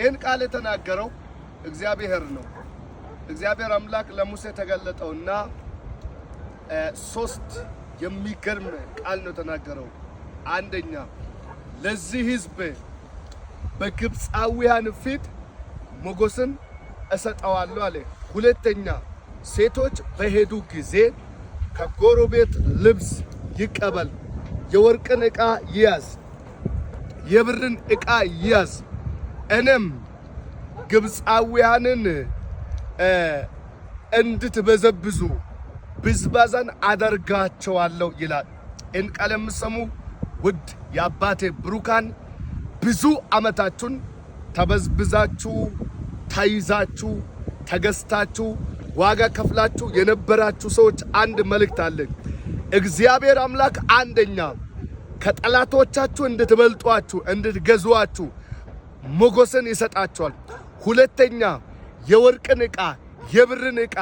ይህን ቃል የተናገረው እግዚአብሔር ነው። እግዚአብሔር አምላክ ለሙሴ የተገለጠውና ሶስት የሚገርም ቃል ነው የተናገረው። አንደኛ ለዚህ ሕዝብ በግብፃዊያን ፊት ሞገስን እሰጠዋለሁ አለ። ሁለተኛ ሴቶች በሄዱ ጊዜ ከጎረቤት ልብስ ይቀበል፣ የወርቅን ዕቃ ይያዝ፣ የብርን ዕቃ ይያዝ እኔም ግብፃውያንን እንድትበዘብዙ ብዝባዛን አደርጋቸዋለሁ ይላል። ይህን ቃል የምትሰሙ ውድ የአባቴ ብሩካን ብዙ ዓመታችሁን ተበዝብዛችሁ፣ ተይዛችሁ፣ ተገዝታችሁ፣ ዋጋ ከፍላችሁ የነበራችሁ ሰዎች አንድ መልእክት አለኝ። እግዚአብሔር አምላክ አንደኛ ከጠላቶቻችሁ እንድትበልጧችሁ፣ እንድትገዟችሁ ሞገስን ይሰጣቸዋል። ሁለተኛ የወርቅን ዕቃ የብርን ዕቃ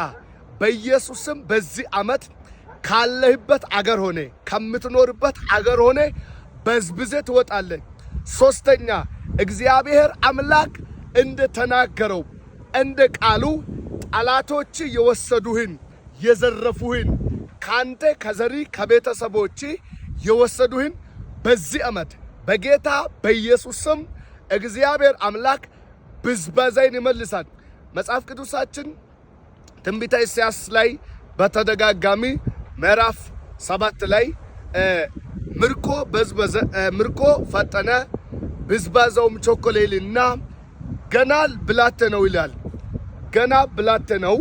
በኢየሱስም በዚህ ዓመት ካለህበት አገር ሆነ ከምትኖርበት አገር ሆነ በዝብዘ ትወጣለህ። ሶስተኛ እግዚአብሔር አምላክ እንደ ተናገረው እንደ ቃሉ ጠላቶች የወሰዱህን የዘረፉህን ካንተ ከዘሪ ከቤተሰቦች የወሰዱህን በዚህ ዓመት በጌታ በኢየሱስም እግዚአብሔር አምላክ ብዝበዛይን ይመልሳል። መጽሐፍ ቅዱሳችን ትንቢተ ኢሳያስ ላይ በተደጋጋሚ ምዕራፍ ሰባት ላይ ምርኮ በዝበዘ ምርኮ ፈጠነ ብዝበዛውም ቸኮለ ይልና ገና ብላቴ ነው ይላል። ገና ብላቴ ነው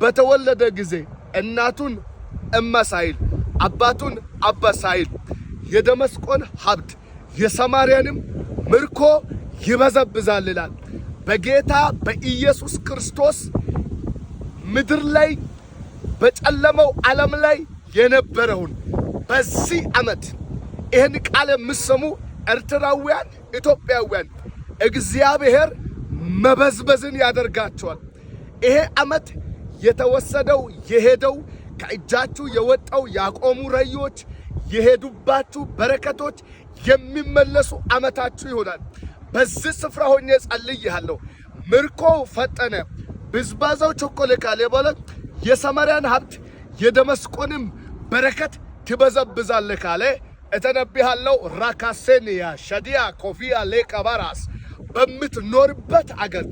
በተወለደ ጊዜ እናቱን እመሳይል አባቱን አባሳይል የደመስቆን ሀብት የሰማርያንም ምርኮ ይበዘብዛል ይላል። በጌታ በኢየሱስ ክርስቶስ ምድር ላይ በጨለመው ዓለም ላይ የነበረውን በዚህ ዓመት ይህን ቃል የምሰሙ ኤርትራውያን፣ ኢትዮጵያውያን እግዚአብሔር መበዝበዝን ያደርጋቸዋል። ይሄ ዓመት የተወሰደው የሄደው ከእጃችሁ የወጣው ያቆሙ ረዮች የሄዱባችሁ በረከቶች የሚመለሱ ዓመታችሁ ይሆናል። በዚህ ስፍራ ሆኜ ጸልያለሁ። ምርኮ ፈጠነ፣ ብዝባዛው ቸኮለ ካለ በኋላ የሰማርያን ሀብት የደመስቆንም በረከት ትበዘብዛለ ካለ እተነብያለሁ። ራካሴንያ ሸዲያ ኮፊያ ሌቀባራስ በምትኖርበት አገር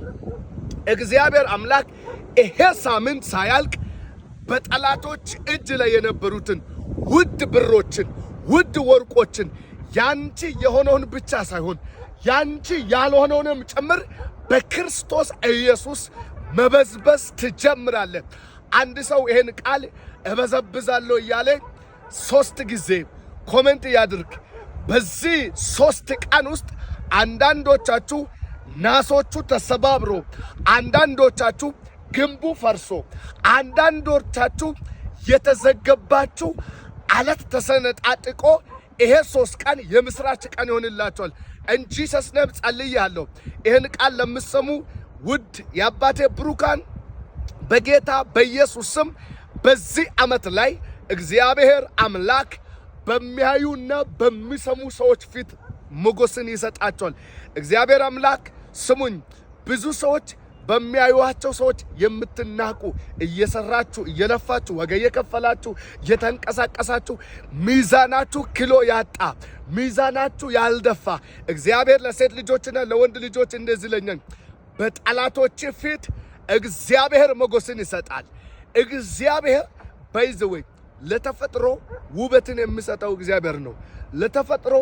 እግዚአብሔር አምላክ ይሄ ሳምንት ሳያልቅ በጠላቶች እጅ ላይ የነበሩትን ውድ ብሮችን ውድ ወርቆችን ያንቺ የሆነውን ብቻ ሳይሆን ያንቺ ያልሆነውንም ጭምር በክርስቶስ ኢየሱስ መበዝበዝ ትጀምራለ። አንድ ሰው ይሄን ቃል እበዘብዛለሁ እያለ ሶስት ጊዜ ኮመንት ያድርግ። በዚህ ሶስት ቀን ውስጥ አንዳንዶቻችሁ ናሶቹ ተሰባብሮ፣ አንዳንዶቻችሁ ግንቡ ፈርሶ፣ አንዳንዶቻችሁ የተዘገባችሁ አለት ተሰነጣጥቆ ይሄ ሶስት ቀን የምስራች ቀን ይሆንላቸዋል። እንጂ ነብ ጸልያለሁ። ይህን ቃል ለምትሰሙ ውድ የአባቴ ብሩካን በጌታ በኢየሱስ ስም በዚህ ዓመት ላይ እግዚአብሔር አምላክ በሚያዩና በሚሰሙ ሰዎች ፊት ሞገስን ይሰጣቸዋል። እግዚአብሔር አምላክ ስሙኝ፣ ብዙ ሰዎች በሚያዩዋቸው ሰዎች የምትናቁ እየሰራችሁ እየለፋችሁ ወገ እየከፈላችሁ እየተንቀሳቀሳችሁ ሚዛናችሁ ኪሎ ያጣ ሚዛናችሁ ያልደፋ እግዚአብሔር ለሴት ልጆችና ለወንድ ልጆች እንደዚህ ለኛን በጠላቶች ፊት እግዚአብሔር መጎስን ይሰጣል። እግዚአብሔር በይዘወይ ለተፈጥሮ ውበትን የሚሰጠው እግዚአብሔር ነው። ለተፈጥሮ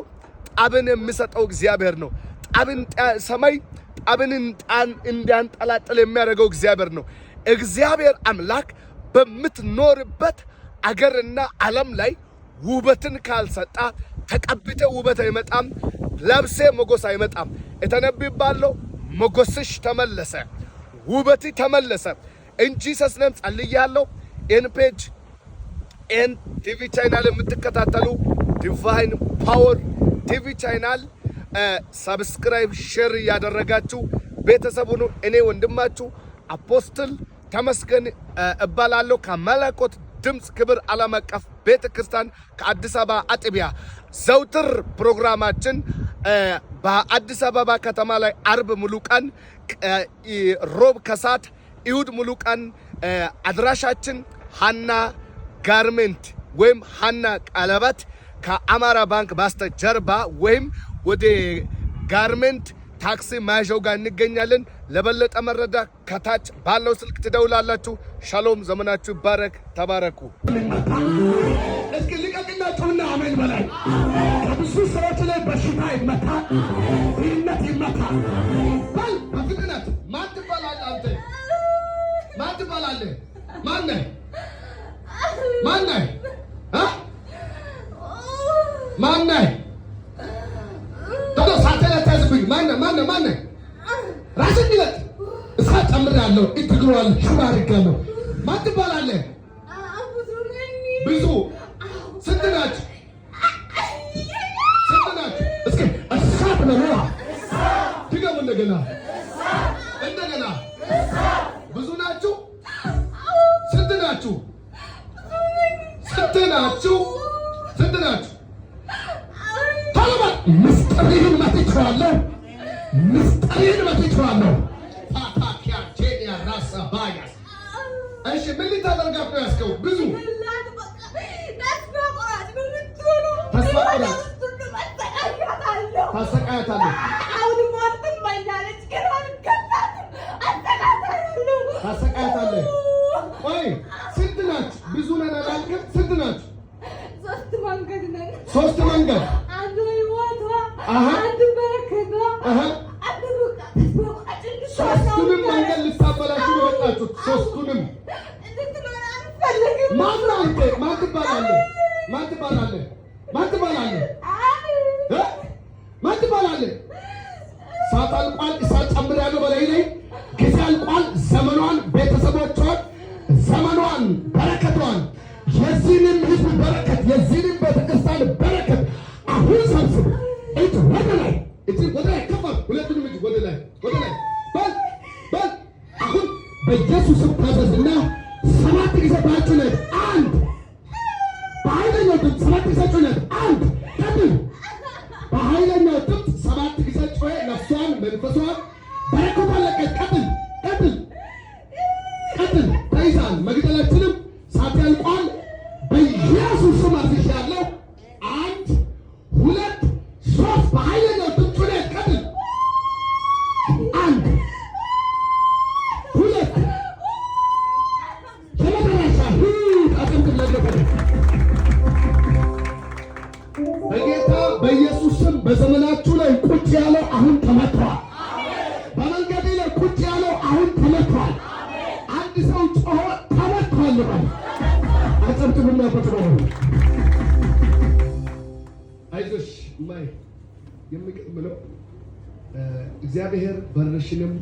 ጣብን የሚሰጠው እግዚአብሔር ነው። ጣብን ሰማይ አብን እንዲያንጠላጥል የሚያደርገው እግዚአብሔር ነው። እግዚአብሔር አምላክ በምትኖርበት አገርና ዓለም ላይ ውበትን ካልሰጣ ተቀብተ ውበት አይመጣም። ለብሴ መጎስ አይመጣም። እተነብባለሁ መጎስሽ ተመለሰ፣ ውበት ተመለሰ። እንጂ ሰስነም ጸልያለሁ። ኤን ፔጅ ኤን ቲቪ ቻይናል የምትከታተሉ ዲቫይን ፓወር ቲቪ ቻይናል ሰብስክራይብ፣ ሼር እያደረጋችሁ ቤተሰቡ ነው። እኔ ወንድማችሁ አፖስትል ተመስገን እባላለሁ ከመለኮት ድምፅ ክብር ዓለም አቀፍ ቤተ ክርስቲያን ከአዲስ አበባ አጥቢያ። ዘውትር ፕሮግራማችን በአዲስ አበባ ከተማ ላይ አርብ ሙሉ ቀን፣ ሮብ ከሰዓት፣ እሁድ ሙሉ ቀን። አድራሻችን ሀና ጋርሜንት ወይም ሀና ቀለበት ከአማራ ባንክ በስተጀርባ ወይም ወደ ጋርመንት ታክሲ መያዣው ጋር እንገኛለን። ለበለጠ መረዳ ከታች ባለው ስልክ ትደውላላችሁ። ሻሎም፣ ዘመናችሁ ይባረክ። ተባረኩ። እስኪ አሜን በላይ ከብዙ ሰዎች ላይ በሽታ ይመታ፣ ድህነት ይመታ። ማነህ ማነህ ማነህ ራስን ይለጥ እሳ ጨምሬያለሁ፣ ኢንትግሯል ሽባ አድርጌያለሁ። ማን ትባላለህ? ብዙ ስንት ናችሁ? ስንት ናችሁ? እስኪ እሳት ነው ድገሙ። እንደገና እንደገና። ብዙ ናችሁ? ስንት ናችሁ? ስንት ናችሁ? ስንት ናችሁ? ታለባት ምስጢር ይህን ምስጢርን በትችላለሁ። ታታኪያ ቴኒያ ራሳ ባያስ እሺ፣ ምን ልታደርጋት ነው ያስከው? ብዙ ተስፋ ቆራጥ ታሰቃያታለሁ። ሶስቱንም ማትባላለህ እሳት አልቋል። እሳት ጨምር ያለው በላይ ላይ ጊዜ አልቋል። ዘመኗን፣ ቤተሰቦቿን፣ ዘመኗን፣ በረከቷን የዚህንም ህዝብ በረከት የዚህንም ቤተክርስቲያን በኢየሱስም ታዘዝና ሰባት ጊዜ በአጭነት አንድ ሰው ጮሆ ተመቷል አጨብጭቡና ቁጭ አይዞሽ ማይ የምለው እግዚአብሔር በርሽንም